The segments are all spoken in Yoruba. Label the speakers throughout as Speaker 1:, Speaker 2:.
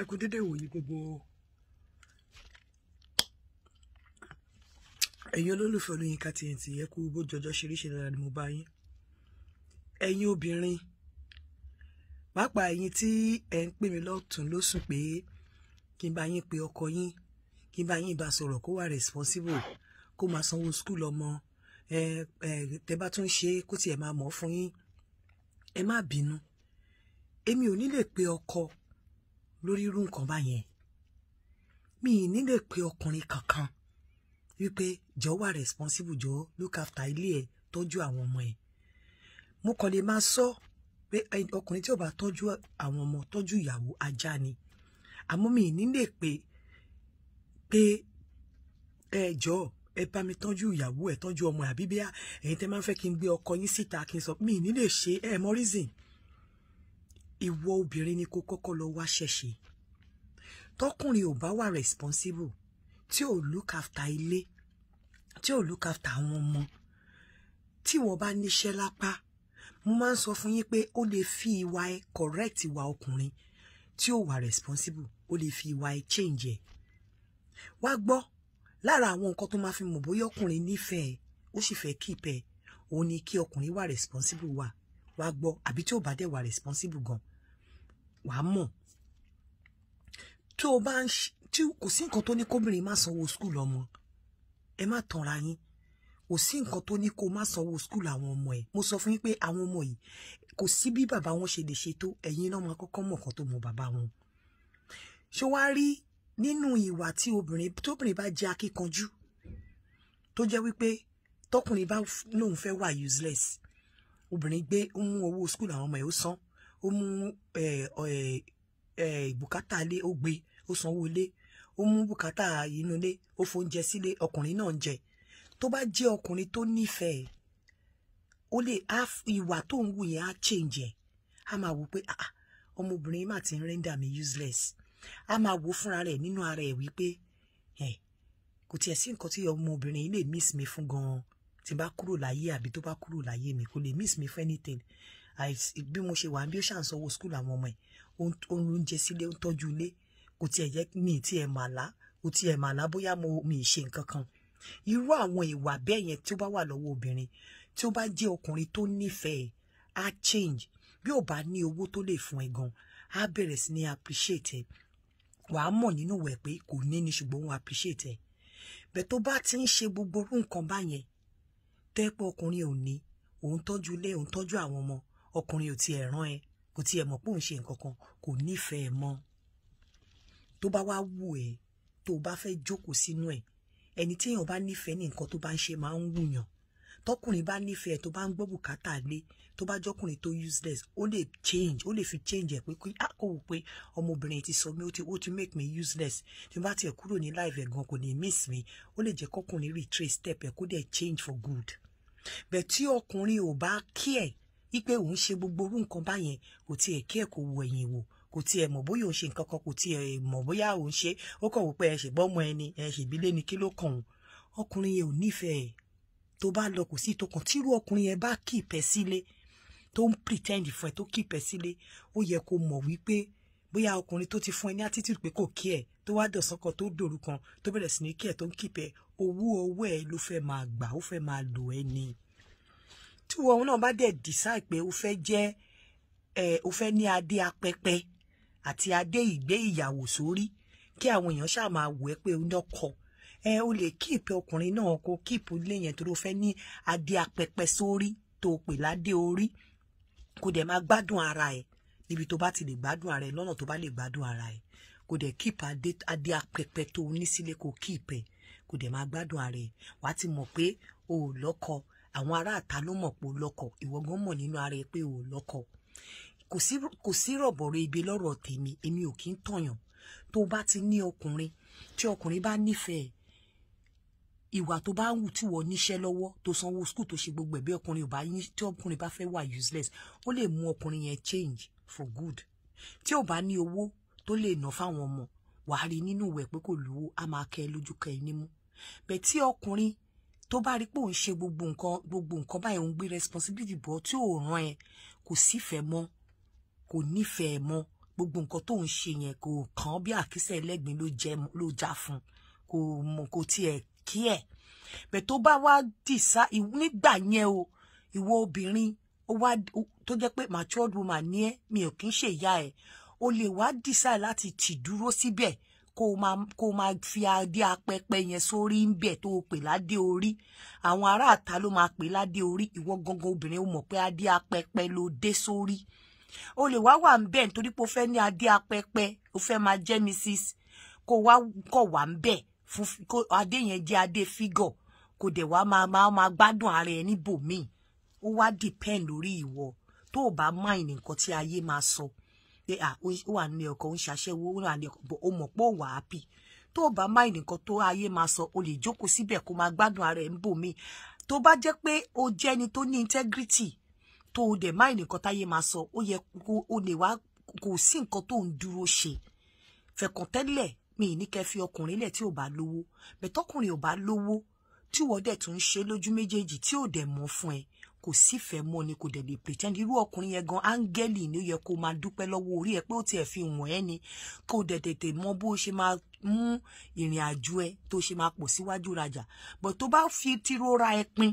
Speaker 1: ẹ kú dédé ìwòyí gbogbo ẹ̀yin olólùfẹ́ olóyinka TNT ẹ kú bójọjọ ṣeréṣe dára ni mo bá yín ẹ̀yin obìnrin pàápàá ẹ̀yin tí ẹ ń pè mí lọ́tún lósùn pé kí n bá yín pe ọkọ yín kí n bá yín bá sọ̀rọ̀ kó wà responsible kó máa sanwó skul ọmọ tẹ bá tún ṣe kó tiẹ̀ máa mọ̀ fún yín ẹ má bínú èmi ò ní lè pe ọkọ lórí irú nǹkan báyẹn mi ì nílè pé ọkùnrin kankan wípé jọ wà responsible jọ look after ilé ẹ tọ́jú àwọn ọmọ ẹ mo kàn lè máa sọ pé ọkùnrin tí ò bá tọ́jú àwọn ọmọ tọ́jú ìyàwó ajá ni àmọ́ mi ì nílè pe pé ẹ jọ ẹ bá mi tọ́jú ìyàwó ẹ tọ́jú ọmọ àbí bíyà ẹ̀yin tẹ́ máa ń fẹ́ kí n gbé ọkọ yín síta kí n sọ mi ì nílè ṣe ẹ mọ reason ìwọ obìnrin ni kó kọ́kọ́ lọ wá ṣẹṣe tọkùnrin ò bá wà responsible tí ò look after ilé tí ò look after àwọn ọmọ tí wọ́n bá níṣẹ́ lápá mo máa ń sọ fún yín pé ó lè fi ìwà ẹ correct ìwà ọkùnrin tí ò wà responsible ó lè fi ìwà ẹ change ẹ wá gbọ́ lára àwọn nǹkan tó máa fi mọ̀ bóyá ọkùnrin nífẹ̀ẹ́ ó sì fẹ́ keep ẹ òun ni kí ọkùnrin wà responsible wà wá gbọ́ àbí tí ò bá dẹ̀ wà responsible gan wà á mọ̀ tí o bá ń tí kò sí nǹkan tó ní kóbìnrin má sanwó skul ọmọ ẹ má tanra yín kò sí nǹkan tó ní kó má sanwó skul àwọn ọmọ ẹ mo sọ fún yín pé àwọn ọmọ yìí kò sí bí bàbá wọn ṣe lè ṣe tó ẹ̀yin náà máa kọ́kọ́ mọ̀ kan tó mọ bàbá wọn ṣé wàá rí nínú ìwà tí obìnrin tóbìnrin bá jẹ́ akíkanjú tó jẹ́ wípé tọkùnrin bá lóun fẹ́ wà useless obìnrin gbé ń mú owó skul àwọn ọmọ ẹ ó san ó mú bùkátà ilé ó gbé ó sanwó ilé ó mú bùkátà inú ilé ó fóúnjẹ sílé ọkùnrin náà ń jẹ tó bá jẹ́ ọkùnrin tó nífẹ̀ẹ́ ó lè á ìwà tó ń wù yẹn á change ẹ̀ á máa wò pé ọmọbìnrin má ti ń render mi useless á máa wò fúnra rẹ̀ nínú ara ẹ̀ wípé kò tiẹ̀ sí nǹkan tí ọmọbìnrin lè miss mi fún gan-an tí bá kúrò láyé àbí tó bá kúrò láyé mi kò lè miss mi fún anything bí mo ṣe wà bí ó ṣàǹsanwó skul àwọn ọmọ ẹ̀ ó ń lóúnjẹ sílé ó ń tọ́jú ilé kò tiẹ̀ jẹ́ mi ti ẹ̀ màlá kò tiẹ̀ màlá bóyá mo mi ì ṣe nǹkan kan irú àwọn ìwà bẹ́ẹ̀ yẹn tí ó bá wà lọ́wọ́ obìnrin tí ó bá jẹ́ ọkùnrin tó nífẹ̀ẹ́ á change bí ò bá ní owó tó lè fún ẹ gan á bẹ̀rẹ̀ sí ní appreciate ẹ wàá mọ̀ nínú wẹ̀ pé kò ní ní ṣùgbọ́n òun appreciate ẹ bẹ́ẹ̀ tó bá ti ń ṣe gbogbo orú nǹkan báyẹn tẹ́pọ̀ ọkùnrin ò ní òun tọ́jú ilé òun tọ́jú àwọn ọmọ ọkùnrin ò tiẹ̀ rán ẹ kò tiẹ̀ mọ̀ pé òun ṣe nǹkan kan kò nífẹ̀ẹ́ mọ́ tó bá wá wù ẹ́ tó bá fẹ́ jókòó sínú ẹ̀ ẹni tí èèyàn bá nífẹ̀ẹ́ ní nǹkan tó bá ń ṣe máa ń wùyàn tọkùnrin bá nífẹ̀ẹ́ tó bá ń gbọ́ bùkátà lé tó bá jọkùnrin tó useless ó lè change ó lè fi change ẹ̀ pé kí á ah, kò wò pé ọmọbìnrin ti sọ mi ó ti ó ti make me useless tí mo bá tiẹ̀ kúrò ní life ẹ̀ gan kò ní miss mi ó lè jẹ́ kọkùnrin retrace step ẹ̀ kó dẹ̀ change for good bẹ́ẹ̀ tí ọkùnrin ò bá kí ẹ̀ wípé òun ṣe gbogbo orú nǹkan báyẹn kò tiẹ̀ kí ẹ̀ kò wo ẹ̀yìn wò kò tiẹ̀ mọ̀ bóyá òun ṣe nǹkan kan kò tiẹ̀ mọ̀ bóyá òun ṣe ó kàn wò pé ẹ ṣègbọ́n ọmọ ẹni ẹ ṣèbílẹ̀ ni kí ló kàn òun ọkùnrin yẹn ò nífẹ̀ẹ́ tó bá lọ kò sí tó kàn tírú ọkùnrin yẹn bá kìpẹ́ sílé tó ń pretend fún ẹ tó kìpẹ́ sílé ó yẹ kó mọ̀ wípé bóyá ọkùnrin tó ti fún ẹ ní attitude pé kò kí ẹ tó wá dọ̀sán kan tó dòru kan tó bẹ̀rẹ̀ sí ní kí ẹ tó ń kìpẹ́ owó ọwọ́ ẹ ló fẹ́ máa gbà ó fẹ́ máa lò ẹ ni tí wọn náà bá dẹ̀ decide pé o fẹ́ jẹ́ ẹ o fẹ́ ní adé apẹpẹ àti adé ìgbé ìyàwó sórí kí àwọn èèyàn ṣáà máa wò ẹ́ pé o náà kọ ẹ o lè kíìpì ọkùnrin náà kó kíìpì ilé yẹn tó ló fẹ́ ní adé apẹpẹ sórí tó o pè ládé orí kó dẹ̀ máa gbádùn ara ẹ̀ níbi tó bá ti lè gbádùn ara ẹ̀ lọ́nà tó bá lè gbádùn ara ẹ̀ kò dẹ̀ kíìpì adé apẹpẹ tó o ní sílé kó kíìpì ẹ̀ kò dẹ̀ máa gbádùn ara ẹ̀ wàá ti mọ̀ pé o ò lọ́kọ àwọn aráàta ló mọ̀ pé o lọ́kọ ìwọ gan mọ̀ nínú ara ẹ pé o lọ́kọ kò sí rọ̀bọ̀rọ̀ ibi lọ́rọ̀ tèmi èmi ò kí ń tọ̀yàn tó bá ti ní ọkùnrin tí ọkùnrin bá nífẹ̀ẹ́ ìwà tó bá ń wù tí wọ́n níṣẹ́ lọ́wọ́ tó sanwó skul tó ṣe gbogbo ẹ̀bí ọkùnrin ọba tí ọkùnrin bá fẹ́ wà useless ó lè mú ọkùnrin yẹn change for good tí ò bá ní owó tó lè ná fáwọn ọmọ wàá rí nínú ìwẹ̀ pé kò lówó á máa kẹ́ lójú kẹ́ ẹ nímú bẹ́ẹ̀ tí ọkùnrin tó bá rí pé òun ṣe gbogbo nǹkan gbogbo nǹkan báyìí òun gbé responsibility bọ́ tí ò ràn ẹ kò sífẹ̀ẹ́ mọ́ kò nífẹ̀ẹ́ mọ́ gbogbo nǹkan tó ń ṣe yẹn kò kàn án bí àkísẹ́ ẹlẹ́gbin ló jẹ ló já fún kò mọ kò tiẹ̀ kí ẹ̀ bẹ̀ tó bá wá dìsá nígbà yẹn o ìwọ obìnrin ó wá tó jẹ́ pé matured woman ni ẹ́ mi ò kí ń ṣèyá ẹ̀ o lè wá dìsá láti tì dúró síbẹ̀ si kó máa kó máa fi adé apẹpẹ yẹn sórí ń bẹ̀ tó pè ládé orí àwọn ará àta ló máa pè ládé orí ìwọ gangan obìnrin ó mọ̀ pé adé apẹpẹ ló dé sórí o lè wá wà ń bẹ̀ nítorí pé o fẹ́ ní adé apẹpẹ o fẹ́ máa jẹ́ mrs kó wá kọ̀ wá ń bẹ̀ fún kó adé yẹn jẹ́ adé fígọ̀ kó dẹ̀ wá máa máa máa gbádùn ara ẹ níbòmíì ó wá depend lórí ìwọ tó o bá máa nǹkan tí ayé máa sọ. So pé à ah, ó wà nílé ọkọ ó ń ṣaṣẹ́wó ó wà nílé ọkọ bọ̀ ó mọ̀ pé ó wà á pì tó o bá máì nìkan tó ayé máa sọ o lè jókòó síbẹ̀ kó máa gbádùn ara ẹ̀ ń bò mí tó bá jẹ́ pé o jẹ́ ẹni tó ní integrity tó o dẹ̀ máì nìkan táyé máa sọ ó yẹ kó o lè wá kò sí nǹkan tó ń dúró ṣe fẹ̀kọ̀ntẹ́lẹ̀ mi ní kẹ́ fi ọkùnrin lẹ̀ tí ò bá lówó bẹ̀tọ́kùnrin ò bá lówó tí wọ́n dẹ̀ tún ń ṣe lójú méjèèjì tí ò dẹ̀ mọ́ fún ẹ kò sífẹ̀ẹ́ mọ́ ni kò dẹ̀ lè pretend irú ọkùnrin yẹn gan áńgẹ́lì ni ó yẹ kó máa dúpẹ́ lọ́wọ́ orí ẹ̀ pé ó tiẹ̀ fi wọ̀n ẹ́ ni kó dẹ̀ tètè mọ bó ṣe máa mú ìrìn àjò ẹ tó ṣe máa pọ̀ síwájú rajà but tó bá fi tìrora ẹ pin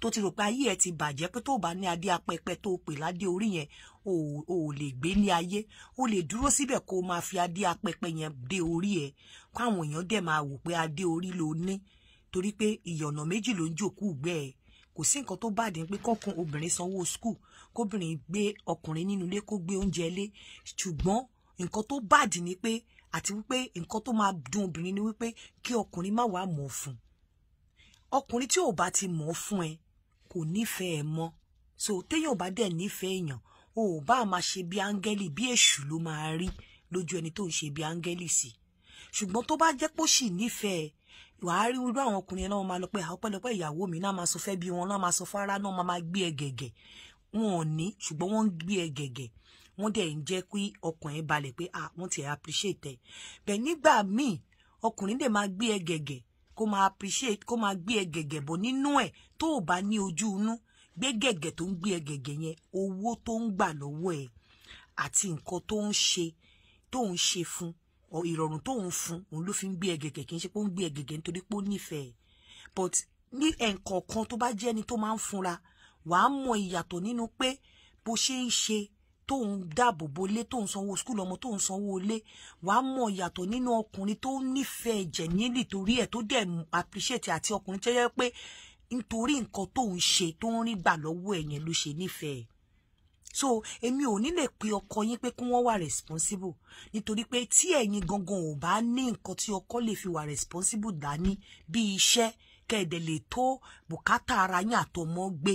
Speaker 1: tó ti rò pé ayé ẹ ti bàjẹ́ pé tó bá ní adé apẹpẹ tó pè ládé orí yẹn o ò lè gbé ní ayé o lè dúró síbẹ̀ kó o máa fi adé apẹpẹ yẹn dé orí ẹ káwọn èèyàn dẹ̀ máa wò pé adé orí ló ní torí pé ìyọ̀nà méjì ló ń jòkú gbẹ́ ẹ kò sí nǹkan tó bàdí pé kọ́kùn obìnrin sanwó skul kóbìnrin gbé ọkùnrin nínú ilé kó gbé oúnjẹ ilé ṣùgbọ́n nǹkan tó bàdí ni pé àti wípé nǹkan tó máa dùn obìnrin ni wípé kí ọkùnrin má wàá mọ̀ fún ọkùnrin tí ò bá ti mọ̀ fún ẹ kò nífẹ̀ẹ́ mọ́ so téèyàn bá dẹ̀ nífẹ̀ẹ́ èèyàn o ò bá máa ṣe bí áńgẹ́lì bí èṣù ló máa rí lójú ẹni tó ń ṣe bí áńgẹ́lì sí ṣùgbọ́n tó bá jẹ́ pé nífẹ̀ẹ́ wàá rí irú àwọn ọkùnrin náà máa lọ pé àọ́pẹ́lọpẹ́ ìyàwó mi náà máa sọ fẹ́ bí wọn náà máa sọ fara náà máa máa gbé ẹ gẹ̀gẹ̀ wọn ò ní ṣùgbọ́n wọ́n ń gbé ẹ gẹ̀gẹ̀ wọ́n dẹ̀ ń jẹ́ kí ọkàn ẹ balẹ̀ pé ah wọ́n ti appreciate ẹ bẹ́ẹ̀ nígbà míì ọkùnrin dẹ̀ máa gbé ẹ gẹ̀gẹ̀ kó máa appreciate kó máa gbé ẹ gẹ̀gẹ̀ bọ̀ nínú ẹ̀ tó o bá ní ojú inú gbé gẹ̀gẹ̀ tó ń gbé ẹ gẹ̀gẹ̀ yẹn owó tó ń gbà lọ́wọ́ ẹ àti nǹkan tó ń ṣe tó ń ṣe fún ìrọ̀rùn tóun fún òun ló fi ń gbé ẹgẹ̀gẹ̀ kì í ṣe pé ó ń gbé ẹgẹ̀gẹ̀ nítorí pé ó nífẹ̀ẹ́ but ní ẹ̀ǹkọ̀ọ̀kan tó bá jẹ́ ẹni tó máa ń funra wàá mọ ìyàtọ̀ nínú pé bó ṣe ń ṣe tóun dáàbò bo lé tóun sanwó skul ọmọ tóun sanwó lé wàá mọ ìyàtọ̀ nínú ọkùnrin tó nífẹ̀ẹ́ ẹ̀jẹ̀ nílì torí ẹ̀ tó dẹ̀ appreciate àti ọkùnrin tó yẹ pé nítorí nǹkan tóun ṣe tó ń rí gbà lọ́wọ́ ẹ̀yẹn ló ṣe nífẹ̀ẹ́ so èmi ò ni lè pe ọkọ yín pé kí wọ́n wà responsible nítorí pé tí ẹ̀yin gangan ò bá ní nǹkan tí ọkọ lè fi wà responsible dání bí iṣẹ́ kẹ̀dẹ̀ lè tó bùkátà ara yín àtọmọ́ gbé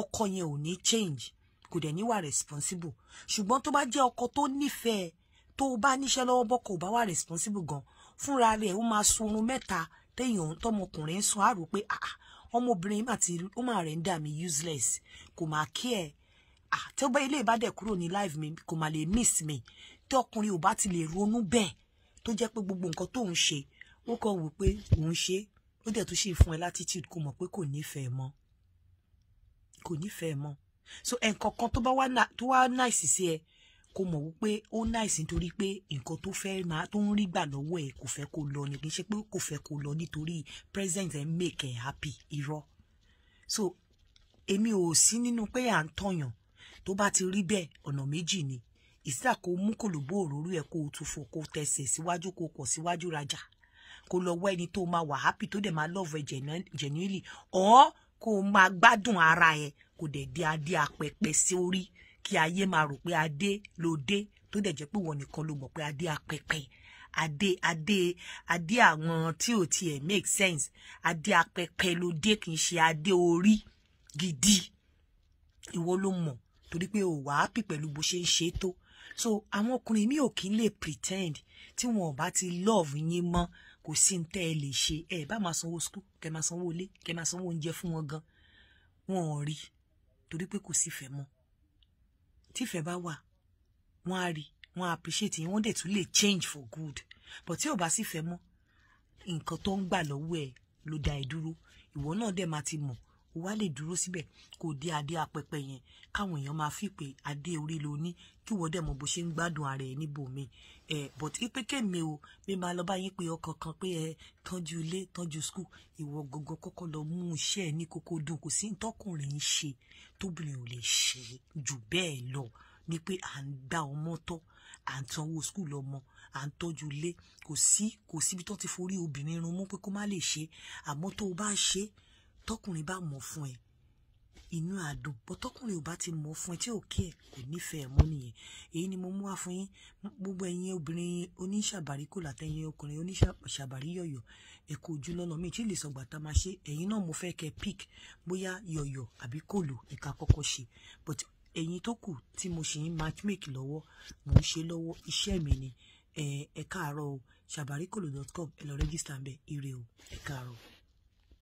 Speaker 1: ọkọ yẹn ò ní change kò dẹ̀ ní wà responsible ṣùgbọ́n tó bá jẹ́ ọkọ tó nífẹ̀ẹ́ tó bá níṣẹ́ lọ́wọ́ bọ́kọ ò bá wà responsible gan fúnra rẹ̀ ó máa sunrun mẹ́ta téèyàn tọmọkùnrin ń sun àrò pé ah, ọmọbìnrin mà ti ó mà rẹ̀ ń dà useless kò máa kí ah tí ó bá ilé ìbá dẹ̀ kúrò ní live mi kò má lè miss mi tí ọkùnrin ò bá ti lè ronú bẹ́ẹ̀ tó jẹ́ pé gbogbo nǹkan tó ń ṣe ó kàn wò pé òun ṣe ó dẹ̀ tún ṣe fún ẹ latitude kò mọ̀ pé kò nífẹ̀ẹ́ mọ́ kò nífẹ̀ẹ́ mọ́ so ẹnìkan kan tó bá wá tó wá náìsì sí ẹ kò mọ̀ wípé ó náìsì nítorí pé nǹkan tó fẹ́ máa tó ń rí gbà lọ́wọ́ ẹ kò fẹ́ kó lọ ni kì í ṣe pé kò fẹ́ kó lọ nítorí present and make happy irọ́ so èmi ò sí nínú pé à ń tọ̀yàn tó bá ti rí bẹ́ẹ̀ ọ̀nà méjì ni ìsà kó mú kòlòbó òróró ẹ̀ kó o tún fò kó o tẹsẹ̀ síwájú kó o kọ̀ síwájú rajà kó lọ wá ẹni tó máa wà happy tó dẹ̀ máa love ẹ genuinely ọ̀ kó o máa gbádùn ara ẹ kò dẹ̀ dé adé apẹpẹ sí orí kí ayé máa rò pé adé ló dé tó dẹ̀ jẹ́ pé wọ́n nìkan ló mọ̀ pé adé apẹpẹ adé adé adé àwọn tí ò tiẹ̀ make sense adé apẹpẹ ló dé kì í ṣe adé orí gidi ìwọ ló mọ̀ torí pé o wà happy pẹ̀lú bó ṣe ń ṣe tó so àwọn ọkùnrin mi ò kí ń lè pretend tí wọn ò bá ti love yín mọ́ kò sí ní tẹ́ ẹ lè ṣe ẹ bá máa sanwó school kẹ máa sanwó ilé kẹ máa sanwó oúnjẹ fún wọn gan wọn ò rí torí pé kò sífẹ́ mọ́ tífẹ́ bá wà wọn á rí wọn á appreciate yín wọn dẹ̀ tún lè change for good but tí ò bá sífẹ́ mọ́ nǹkan tó ń gbà lọ́wọ́ ẹ ló da ẹ dúró ìwọ náà dẹ̀ máa ti mọ̀ wá lè dúró síbẹ̀ kó dé adé apẹpẹ yẹn káwọn èèyàn máa fi pé adé orí lo ní kí wọ́n dẹ̀ mọ̀ bó ṣe ń gbádùn ara ẹ̀ níbòmí ẹ̀ but ipe kẹ́mi o mi máa lọ bá yín pé ọkàn kan pé ẹ tọ́jú ilé tọ́jú skul ìwọ gọ́gọ́ kọ́kọ́ lọ mú iṣẹ́ ní kókó dùn kò sí tọkùnrin ń ṣe tóbìnrin ò lè ṣe jù bẹ́ẹ̀ lọ ni pé à ń dá ọmọ tọ́ à ń tanwó skul ọmọ à ń tọ́jú ilé kò sí kò síbi tó ti forí obìnrin rún mú pé kó má lè ṣe àmọ́ tó o bá ṣe é tọkùnrin bá mọ̀ fún ẹ inú àdùn bọ́ ò bá ti mọ̀ fún ẹ tí ò kí ẹ kò nífẹ̀ẹ́ mọ́ nìyẹn èyí ni mo mú wá fún yín gbogbo ẹ̀yin obìnrin oníṣàbárí kò látẹ̀yìn ọkùnrin oníṣàbárí yọ̀yọ̀ ẹ kò ojú lọ́nà mi tí lè sọ gbàtà máa ṣe ẹ̀yin náà mo fẹ́ kẹ́ pick bóyá yọ̀yọ̀ àbí kòlù ẹ̀ka kọ́kọ́ ṣe but ẹ̀yin tó kù tí mo ṣì ń matchmake lọ́wọ́ mò ń ṣe lọ́wọ́ iṣẹ́ mi ni ẹ káàárọ̀ o ṣàbáríkòlò dot com ẹ lọ rẹ́gísítà ń ire o ẹ káàárọ̀